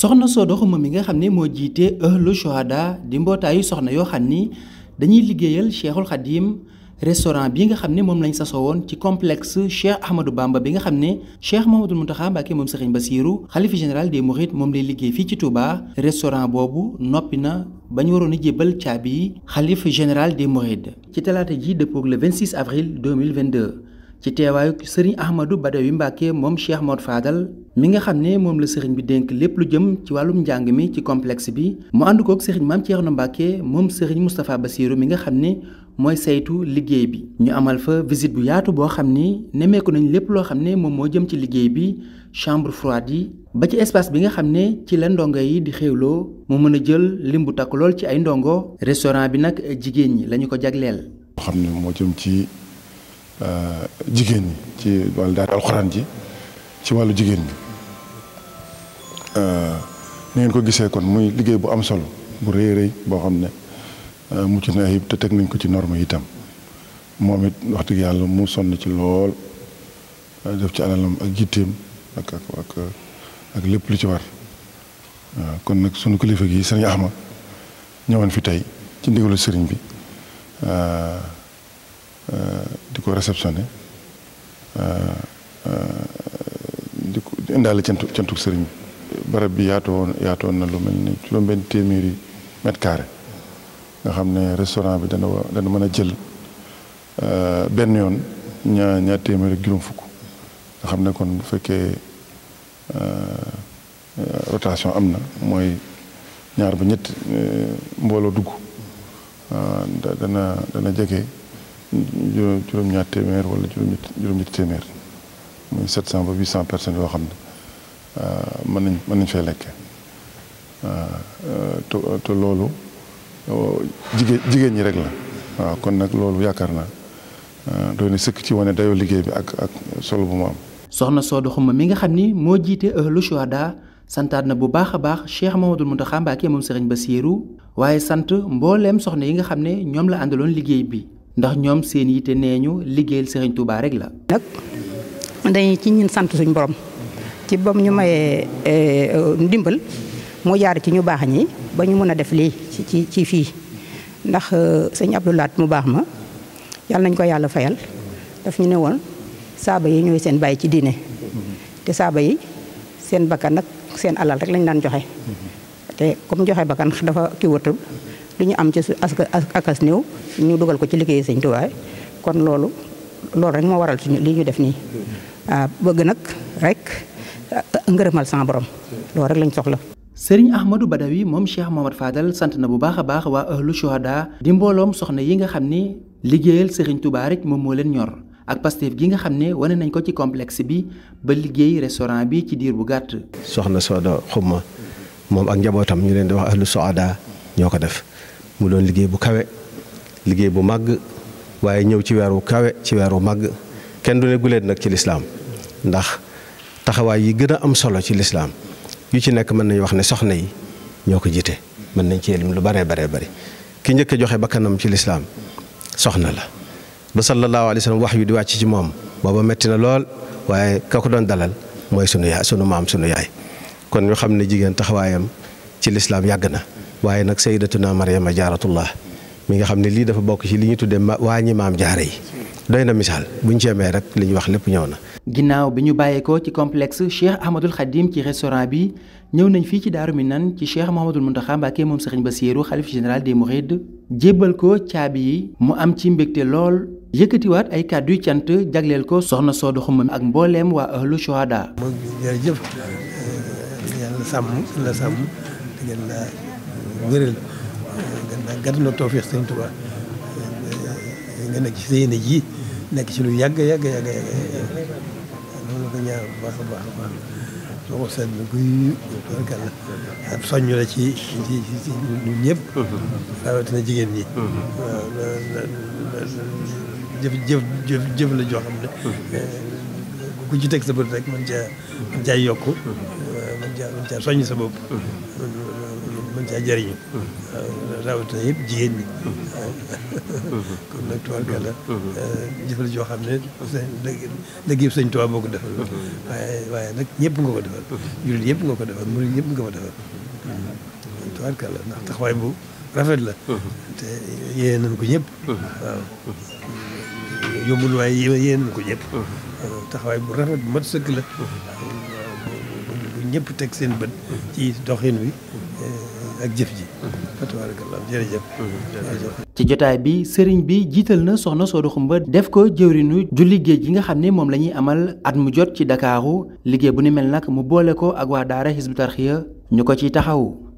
soxna Soda moom mi nga xam ne moo jiite ëhlu Shuhada di mbootaayu soxna yoo xam ni dañuy liggéeyal Cheikhul Khadim restaurant bi nga xam ne moom lañ sasoo woon ci complexe Cheikh Ahmadou Bamba bi nga xam ne Cheikh Mouhamadoul Mountakha Mbacké moom ba Bassirou xalifa général des Mourides moom lay liggéey fii ci Touba restaurant boobu noppi na ba ñu waroon a jébbal caabi xalifa général de Mourides ci talaata ji dëppoog le 26 avril 2022 ci teewaayu sëriñ Ahmadou Badawi Mbacke moom Cheikh Modou Fadal mi nga xam ne moom la sëriñ bi dénk lépp lu jëm ci wàllum njàng mi ci complexe bi mu ànd kook sëriñ maam na Mbacke moom sëriñ Moustapha Bassirou mi nga xam ne mooy saytu liggéey bi. ñu amal fa visite bu yaatu boo xam ni nemmeeku nañ lépp loo xam ne moom moo jëm ci liggéey bi chambre froide yi ba ci espace bi nga xam ne ci la ndongo yi di xéwloo mu mën a jël lim bu takk lool ci ay ndongo restaurant bi nag jigéen ñi lañu ko jagleel. Euh, jigéen ñi ci wàllu daal alxuraan ji ci wàllu jigéen ñi euh, ni ngeen ko gisee kon muy liggéey bu am solo bu rëy rëy boo xam ne euh, mucc na yëpp te teg nañ ko ci norme itam moom it wax dëgg yàlla mu sonn ci lool def ci alalam ak jitteem ak ak ak lépp lu ci war kon nag sunu kilifa gi sëriñ Axma ñëwoon fi tey ci ndigalu sëriñ bi di ko réceptionné euh, euh, di ko indaale cantu cantu sëriñ bi barab bi yaato woon yaatoo na lu mel ni juróom-benn téeméeri mètre carré nga xam ne restaurant bi dana dana mën a jël euh, benn yoon ñaar ñaar téeméer ak fukk nga xam ne kon bu fekkee rotation am na mooy ñaar ba ñett mbooloo dugg dana dana jege. juróom juróom-ñaar téeméer wala juróom-ñetti téeméer muy 700 ba 800 personnes yoo xam ne euh, mën nañ mën nañ fay lekke euh, euh, te loolu jigéen jigéen ñi rek la waaw kon nag loolu yaakaar naa doy na sëkk ci wane dayoo liggéey bi ak ak solo bu mu am. soxna Soodu Xuma mi nga xam ni moo jiite Ahlu Shuhada santaat na bu baax a baax Cheikh Mamadou Mountakha Mbacké moom Serigne Bassirou waaye sant mbooleem soxna yi nga xam ne ñoom la àndaloon liggéey bi. ndax ñoom seen yitte nee ñu liggéeyal Serigne Touba rek la. nag dañuy ci ñun sant suñ borom ci ba ñu mayee eh, eh, ndimbal mu jaar ci ñu baax ñi ba ñu mën a def lii ci ci fii ndax eh, sëñ Abdou mu baax ma yàlla nañ ko yàlla fayal def ñu ne woon saaba yi ñooy seen bàyyi ci diine te saaba yi seen bakkan nag seen alal rek lañ daan joxe te comme joxe bakkan dafa kiwatul li ñu am ci akas néew ñu dugal ko ci liggéey sëñ Tuubaa kon loolu loolu rek moo waral suñu li ñu def nii ah bëgg nag rek ah, ngërëmal sama borom loolu rek lañ soxla. sëriñ Ahmadou Badawi moom Cheikh Mohamad faadal sant na bu baax a baax waa ahlu shuhada di mbooloom soxna yi nga xam ni liggéeyal sëriñ Touba rek moom moo leen ñor ak Pastef gi nga xam ne wane nañ ko ci complexe bi ba liggéey restaurant bi ci diir bu gàtt. soxna Soda Xuma moom ak njabootam ñu leen di wax ahlu shuhada ñoo ko def mu doon liggéey bu kawe liggéey bu màgg waaye ñëw ci weer wu kawe ci weer wu màgg kenn du ne guléet nag ci lislaam ndax taxawaay yi gën a am solo ci lislaam yu ci nekk mën nañu wax ne soxna yi ñoo ko jiite mën nañ ci lim lu baree baree bari ki njëkk a joxe bakkanam ci lislaam soxna la ba sallallahu alayhi wa sallam wax yu di wàcc ci moom booba metti na lool waaye ka ko doon dalal mooy sunu yaay sunu maam sunu yaay kon ñu xam ne jigéen taxawaayam ci lislaam yàgg na waaye nag sayyidatuna Maryama jaaratullah mi nga xam ne lii dafa bokk ci li ñu tuddee waañi maam jaare yi doy na misaal buñ ceemee rek li ñu wax lépp ñëw na. ginnaaw bi ñu bàyyeekoo ci complexe Cheikh Ahmadul Khadim ci restaurant bi ñëw nañ fii ci Daaru nan ci Cheikh Mouhamadul Mountakha Mbacké moom Serigne Bassirou xalif général des Mourides jébbal ko caabi yi mu am ci mbégte lool yëkkatiwaat ay kàddu yu cant jagleel ko soxna Soodu Xuma ak mbooleem waa ahlu Shuhada. wéral gàtt na tawfeex sëñ Tuubaa nga nekk ci sa yéene ji nekk ci lu yàgg yàgg yàgg yàgg loolu ko ñaar bu baax a baax a baax soo ko seet na guy barkàlla ab soññ la ci ci ci ñun ñëpp rawatina jigéen ñi jëf jëf jëf jëf la joo xam ne eh, ku ci teg sa bët rek man caa man caa yokk mën caa mën caa soññ sa bopp. mën caa jëriñu. waaw rawatina yëpp jigéen ñi. kon nag tubaarkàlla. xam ne. dëgg yëpp sëñ Tuubaa moo ko defal. waaye waaye nag ñëpp nga ko defal. jullit yëpp nga ko defal murit yëpp nga ko defal. tubaarkàlla ndax taxawaay bu rafet la. te yéen nañ ko ñëpp. waaw yombul waaye yéen nañ ko ñëpp. taxawaay bu rafet bu mat sëkk la. ñëpp teg seen bët. ci doxin wi eh, ak jëf ji. ci jotaay bi sëriñ bi jiital na soxna Soodu Xumba def ko jëwriñu ju liggéey gi nga xam ne moom la ñuy amal at mu jot ci Dakaaru liggéey bu ni mel nag mu boole ko ak waa daara Hizbut Tarqiyyah ñu ko ci taxawu.